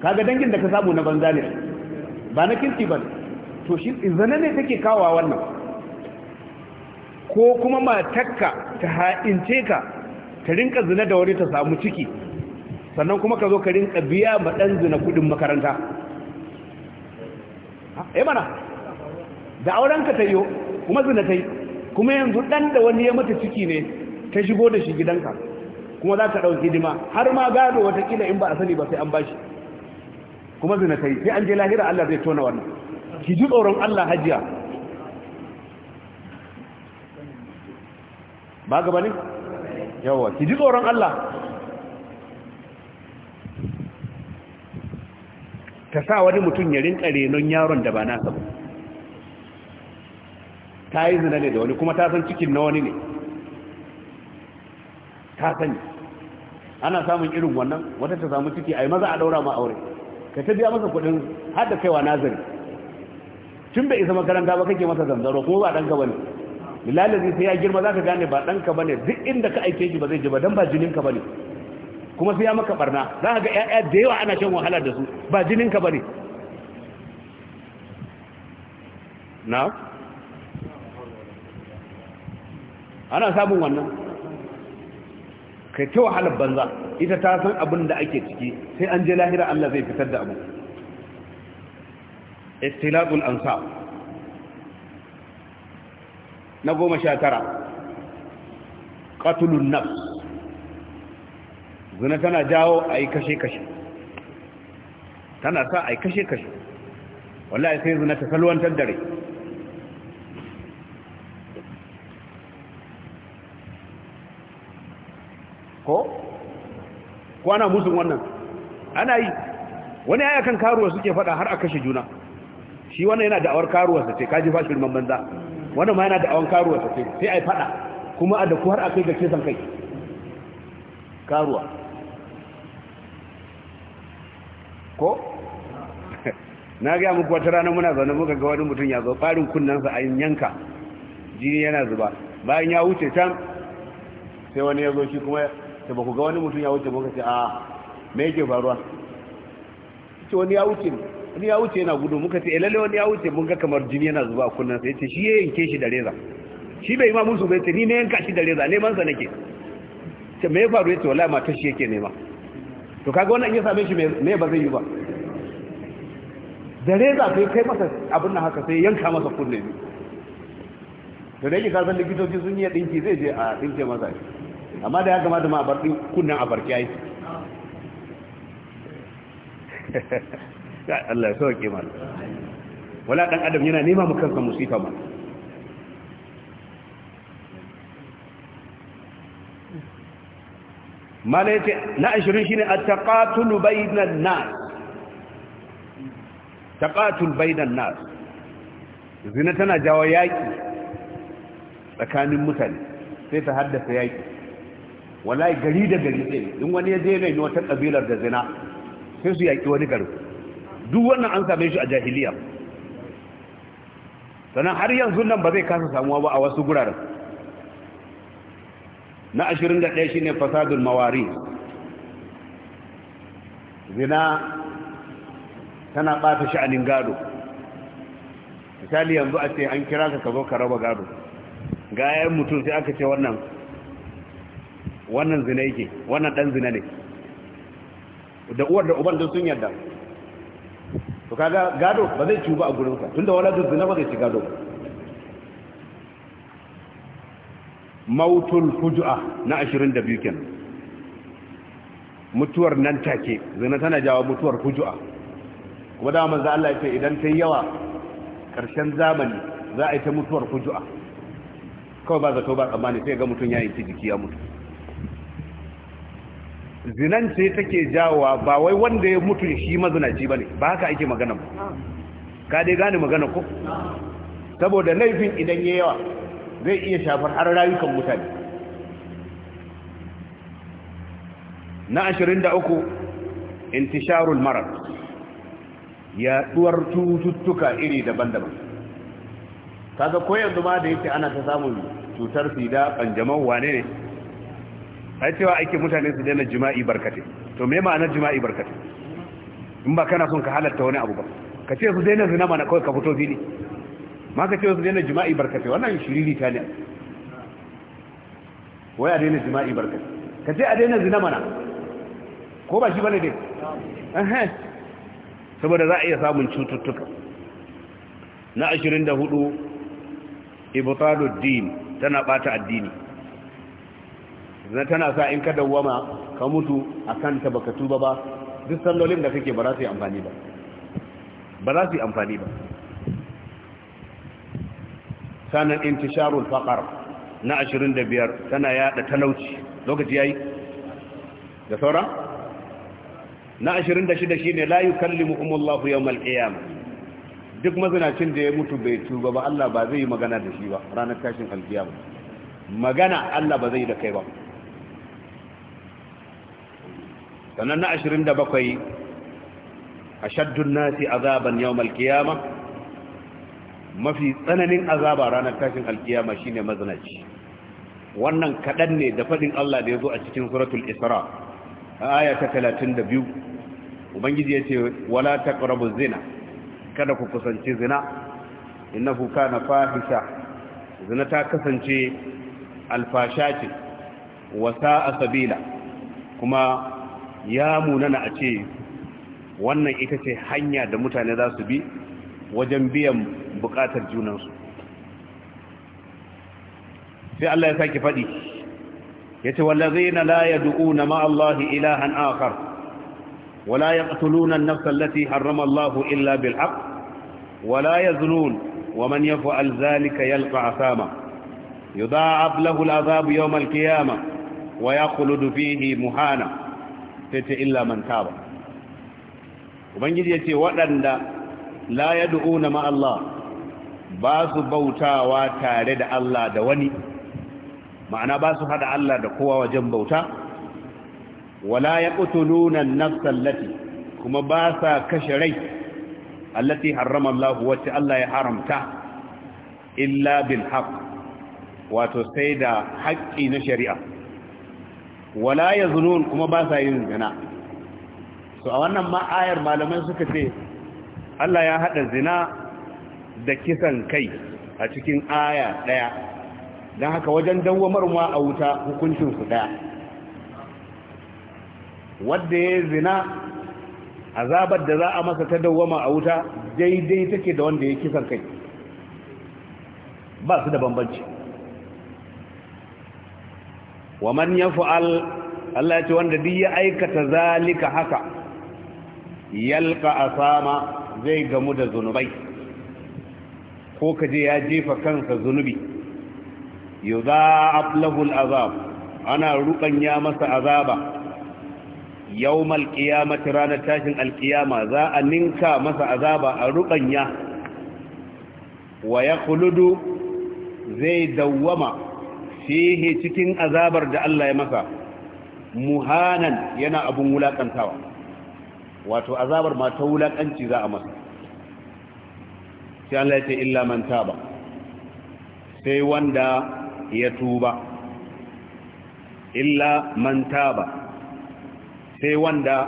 kaga dangin da ka samu na banza ne ba na kinti ba to shi zina ne take kawa wannan ko kuma matakka ta ha'ince ka ta rinka zina da wani ta samu ciki sannan kuma ka zo ka rinka biya ma ɗan zina kudin makaranta eh mana da aurenka ta yo kuma zina ta yi kuma yanzu ɗan da wani ya mata ciki ne ta shigo da shi gidanka kuma za ka ɗauki hidima har ma gado watakila in ba a sani ba sai an bashi kuma zina ta yi. sai an je lahira Allah zai tona wannan ki ji tsoron Allah hajiya ba gaba ne yawa ki ji tsoron Allah ta sa wani mutum ya rinka renon yaron da ba nasa ba ta yi zina ne da wani kuma ta san cikin na wani ne ta sani ana samun irin wannan wata ta samu ciki ai maza a daura ma aure ka ta biya masa kudin har da kaiwa nazari tun bai isa makaranta ba kake masa zanzaro kuma ba ɗanka bane bilal zai sai ya girma zaka gane ba ɗanka bane duk inda ka aike shi ba zai ji ba dan ba jinin ka bane kuma sai ya maka barna zaka ga 'ya'ya da yawa ana shan wahala da su ba jinin ka bane na ana samun wannan kai ta wahalar banza ita ta san abin da ake ciki sai an je lahira Allah zai fitar da abu istilatul ansab na goma sha tara katulun naf. zina tana jawo a yi kashe-kashe tana sa a yi kashe-kashe wallahi sai zuna ta salwantar dare ko ana musun wannan ana yi wani aya kan karuwa suke fada har a kashe juna shi wannan yana da'awar karuwa, karuwarsa ce kaji fashin man banza wannan ma yana da'awar karuwarsa ce sai a yi fada kuma a da ku har a kai ga kesan kai karuwa ko na ga muku wata rana muna zaune muka ga wani mutum ya zo farin kunnansa a yin yanka jini yana zuba bayan ya wuce can sai wani ya zo shi kuma ta ba ku ga wani mutum ya wuce muka ce a me yake faruwa ce wani ya wuce wani ya wuce yana gudu muka ce eh, lalle wani ya wuce mun ga kamar jini yana zuba a kunnan sai ce shi ya yanke shi da reza shi bai ma musu bai ce ni ne yanka shi da reza neman sa nake ce me ya faru ya ce wallahi matar shi yake nema to kaga wannan ya same shi me ba zai yi ba da reza sai kai masa abin nan haka sai yanka masa kunne to da yake kasan likitoci sun yi dinki zai je a dinke masa shi amma da ya kamata ma a barɗi kunnan a barki ai Allah ya sauke ma. wala dan adam yana nema mu kanka musifa ma mala yace na ashirin shine a taqatul bainan nas taqatul bainan nas zina tana jawo yaki tsakanin mutane sai ta haddasa yaki wallahi gari da gari zai in wani ya je mai wata kabilar da zina sai su yaki wani garin duk wannan an same shi a jahiliya sannan har yanzu nan ba zai kasa samuwa ba a wasu guraren na shi shine fasadun mawari zina tana bata sha'anin gado misali yanzu a ce an kira ka ka zo ka raba gado ga yayin mutum sai aka ce wannan wannan zina yake wannan dan zina ne da uwar da uban sun yarda to kaga gado ba zai ciwu ba a sa tunda wala duk zina ba zai ci gado mautul fujua na 22 kenan mutuwar nan take zina tana jawo mutuwar fujua kuma da manzo Allah ya ce idan ta yawa karshen zamani za a yi ta mutuwar fujua kawai ba zato ba tsammani sai ga mutum ya yanki jiki ya mutu zinan ce take jawowa ba wai wanda ya mutu shi mazinaci bane ba haka ake magana ba ka dai gane magana ko saboda laifin idan ya yawa zai iya shafar har rayukan mutane na 23 intisharul marad yaduwar cututtuka iri daban-daban kaga ko yanzu ma da yake ana ta samun cutar sida kanjamau wane ne ai cewa ake mutane su daina jima'i barkate, to me ma'anar jima'i barkate? in ba kana son ka halatta wani abu ba ka ce su daina zina mana kawai ka fito fili ma ka ce su daina jima'i barkate wannan shiriri ta ne wai a daina jima'i barkate. ka ce a daina zina mana ko ba shi bane dai saboda za a iya samun cututtuka na 24 din tana bata addini zina tana sa in ka dawwama ka mutu a ta baka tuba ba duk sallolin da kake ba za su yi amfani ba ba za su yi amfani ba sanan intisharul faqar na 25 tana yada talauci lokaci yayi da saura na 26 shine la yukallimuhumullahu yawmal qiyamah duk mazinacin da ya mutu bai tuba ba Allah ba zai yi magana da shi ba ranar tashin alkiyama magana Allah ba zai yi da kai ba sannan na a ashaddun nasi azaban yawmal qiyamah mafi tsananin azaba ranar tashin alkiyama shine mazinaci wannan kaɗan ne da faɗin Allah da zo a cikin suratul isra aya ta biyu. ubangiji ce, wala taqrabu zina kada ku kusanci zina innahu kana fahisha zina ta kasance alfasha wasa a sabila kuma ya munana a ce wannan ita ce hanya da mutane za su bi wajen biyan bukatar junansu sai Allah ya sake faɗi ya ce wallazina la yad'una ma Allah ilahan akhar wala yaqtuluna an-nafsa allati harrama Allah illa bil haqq wala yaznun wa man yaf'al dhalika yalqa asama yudha'af lahu al-'adhab yawm al-qiyamah wa yakhludu fihi muhana sai ce illa man taba ubangiji ya ce waɗanda la ya du'una ma Allah ba su bautawa tare da Allah da wani ma'ana ba su haɗa Allah da kowa wajen bauta wala ya ƙutuluna nafsan lati kuma ba sa kashe rai allati harrama Allah wacce Allah ya haramta illa bil wato sai da haƙƙi na shari'a wala ya zunun kuma ba sa yin zina so a wannan ma'ayar malamai suka ce Allah ya haɗa zina da kisan kai a cikin aya ɗaya don haka wajen dawwamarwa a wuta hukuncinsu ɗaya wadda ya zina azabar da za a masa ta dawwama a wuta daidai take da wanda ya kisan kai ba su da bambanci wa man yaf'al Allah ya ce wanda duk ya aikata zalika haka yalqa asama zai gamu da zunubai ko kaje ya jefa kansa zunubi yudha'af lahu al'azab ana rubanya masa azaba yau qiyamati ranar tashin alkiyama za a ninka masa azaba a rubanya wa kuludu zai dawwama fihi cikin azabar da Allah ya masa muhanan yana abun wulakantawa wato azabar ma ta wulakanci za a masa sai Allah ya ce illa man taba sai wanda ya tuba illa man taba sai wanda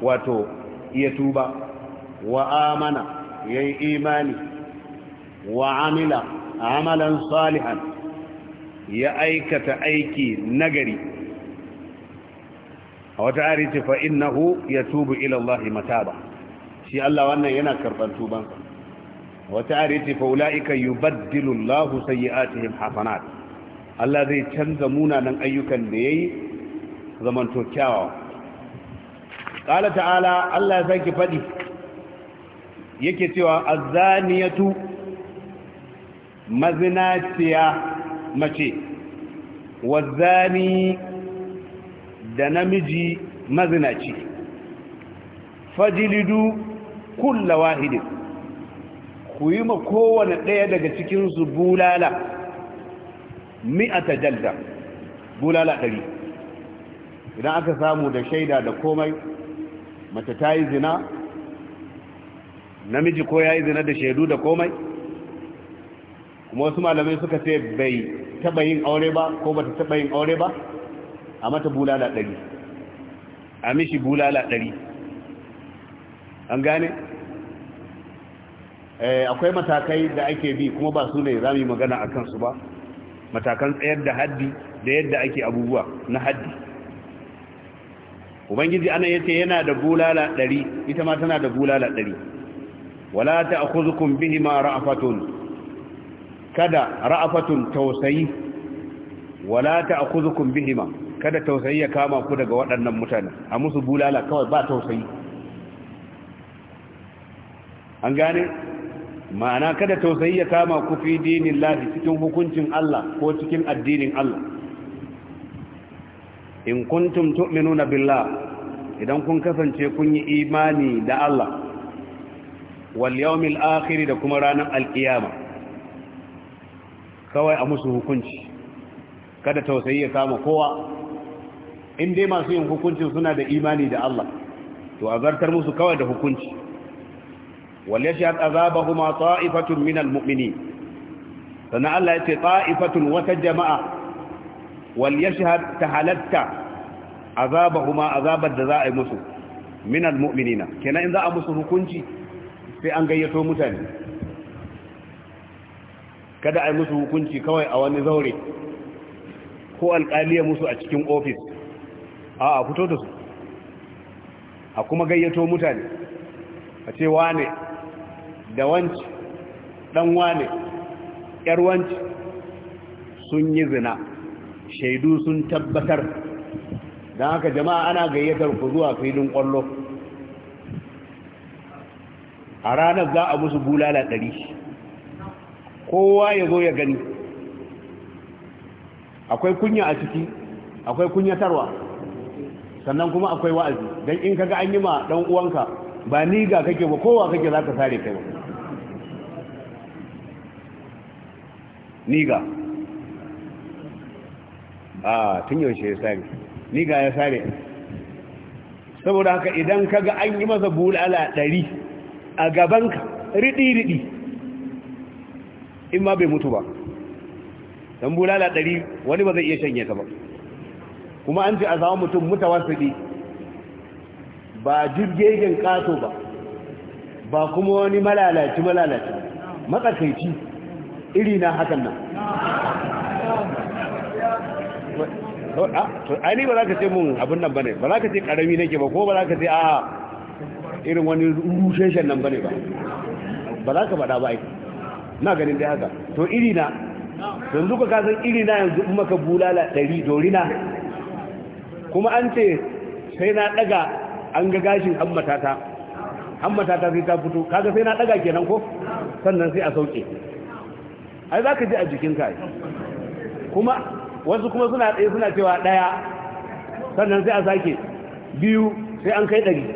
wato ya tuba wa amana yayi imani wa amila amalan salihan ya aikata aiki nagari a wata arice fa innahu ya tubu ilallahi mataba shi Allah wannan yana karɓar A wata arice fa ula'ika yubaddilu Allahu sayyi'atihim hasanat Allah zai canza munanan ayyukan da yayi zamanto kyawawa qala ta'ala Allah ya saki fadi yake cewa azzaniyatu mazinaciya mace wazzani da namiji mazinaci fajilidu kulla wahidin ku yi ma kowane ɗaya daga cikinsu bulala mi'ata jalda bulala ɗari idan aka samu da shaida da komai mace ta yi zina namiji ko ya yi zina da shaidu da komai kuma wasu malamai suka ce bai taba yin aure ba ko bata taba yin aure ba a mata bulala ɗari a mishi bulala ɗari an gane eh, akwai matakai da ake bi kuma ba su ne za mu yi magana a kansu ba matakan tsayar da haddi da yadda ake abubuwa na haddi ubangiji ana yace yana da bulala ɗari ita ma tana da bulala ɗari wala ta bihi ma ra'fatun kada ra'afatun tausayi wala ta'khudhukum bihima kada tausayi ya kama ku daga waɗannan mutane a musu bulala kawai ba tausayi an gane ma'ana kada tausayi ya kama ku fi dinin lafi cikin hukuncin Allah ko cikin addinin Allah in kuntum tu'minuna billah idan kun kasance kun yi imani da Allah wal yawmil akhir da kuma ranar alkiyama kawai a musu hukunci kada tausayi ya kama kowa in dai masu yin hukuncin suna da imani da Allah to a zartar musu kawai da hukunci walyashhad azabahuma ta'ifatun minal mu'mini sannan Allah ya ce ta'ifatun wata jama'a walyashhad tahalatta azabahuma azabar da za a yi musu minal mu'minina kenan in za a musu hukunci sai an gayyato mutane kada a yi musu hukunci kawai a wani zaure ko alƙaliya musu a cikin ofis a a fito da su a kuma gayyato mutane a ce wane da wanci ɗan wane ƴar wanci sun yi zina shaidu sun tabbatar don haka jama'a ana gayyatar ku zuwa filin ƙwallo a ranar za a musu bulala ɗari kowa ya zo ya gani akwai kunya a ciki akwai kunyatarwa sannan kuma akwai wa'azi don in kaga an yi ma dan uwanka ba ni ga kake ba kowa kake za ka sare kai ba niga a tun yaushe ya sare niga ya sare saboda haka idan kaga an yi masa bulala ɗari a gabanka riɗi-riɗi in ma bai mutu ba dan bulala ɗari wani ba zai iya shanye ta ba kuma an ce a samu mutum mutawassidi ba jirgin kato ba ba kuma wani malalaci malalaci matsakaici iri na hakan nan ah, aini ba za ka ce mun abin nan ba ne ba za ka ce karami nake ba ko ba za ka ce a irin wani shan nan ba ne ba ba za ka faɗa ba aiki na ganin dai haka to iri na yanzu ka kasan iri na yanzu in maka bulala ɗari dorina kuma an ce sai na ɗaga an ga gashin hammatata hammatata sai ta fito kaga sai na ɗaga kenan ko sannan sai a sauke ai za ka ji a jikinka kuma wasu kuma suna tsaye suna cewa ɗaya sannan sai a sake biyu sai an kai ɗari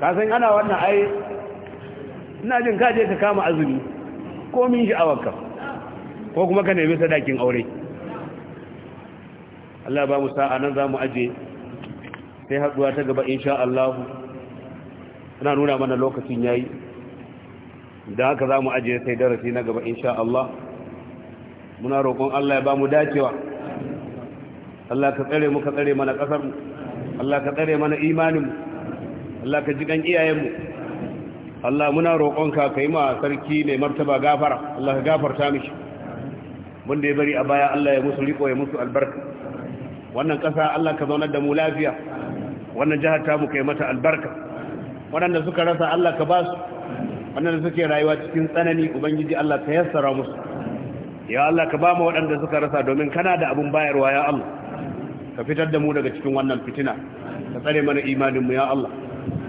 kasan ana wannan ai ina jin ka je ka kama azumi ko min awaka ko kuma ka nemi sadakin aure Allah ba mu sa'a nan za mu aje sai haɗuwa ta gaba insha Allah ina nuna mana lokacin yayi idan haka za mu aje sai darasi na gaba insha Allah muna roƙon Allah ya ba mu dacewa Allah ka tsare mu ka tsare mana ƙasar mu Allah ka tsare mana imanin mu Allah ka ji kan iyayen mu Allah muna roƙonka ka yi ma sarki mai martaba gafara Allah ka gafarta mishi wanda ya bari a baya Allah ya musu riko ya musu albarka wannan ƙasa Allah ka zaunar da mu lafiya wannan jihar ta mu kai mata albarka waɗanda suka rasa Allah ka ba su waɗanda suke rayuwa cikin tsanani ubangiji Allah ka yassara musu ya Allah ka ba mu waɗanda suka rasa domin kana da abin bayarwa ya Allah ka fitar da mu daga cikin wannan fitina ka tsare mana imaninmu ya Allah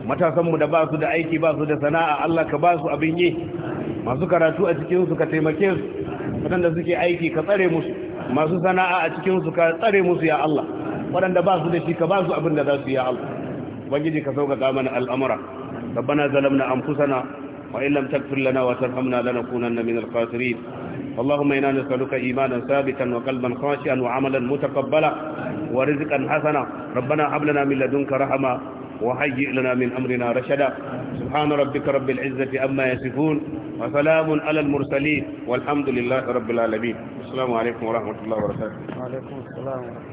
matasanmu da ba su da aiki ba su da sana'a Allah ka ba su abin yi masu karatu a cikinsu ka taimake su waɗanda suke aiki ka tsare musu masu sana'a a cikinsu ka tsare musu ya Allah waɗanda ba su da shi ka ba su abin da za su ya Allah ubangiji ka sauƙaƙa mana al'amura rabbana zalamna anfusana wa illam taghfir lana wa tarhamna lanakunanna minal khasirin اللهم إنا نسألك إيمانا ثابتا وقلبا خاشعا وعملا متقبلا ورزقا حسنا ربنا هب لنا من لدنك رحمة وهيئ لنا من أمرنا رشدا سبحان ربك رب العزة أما يصفون وسلام على المرسلين والحمد لله رب العالمين السلام عليكم ورحمة الله وبركاته وعليكم السلام ورحمة الله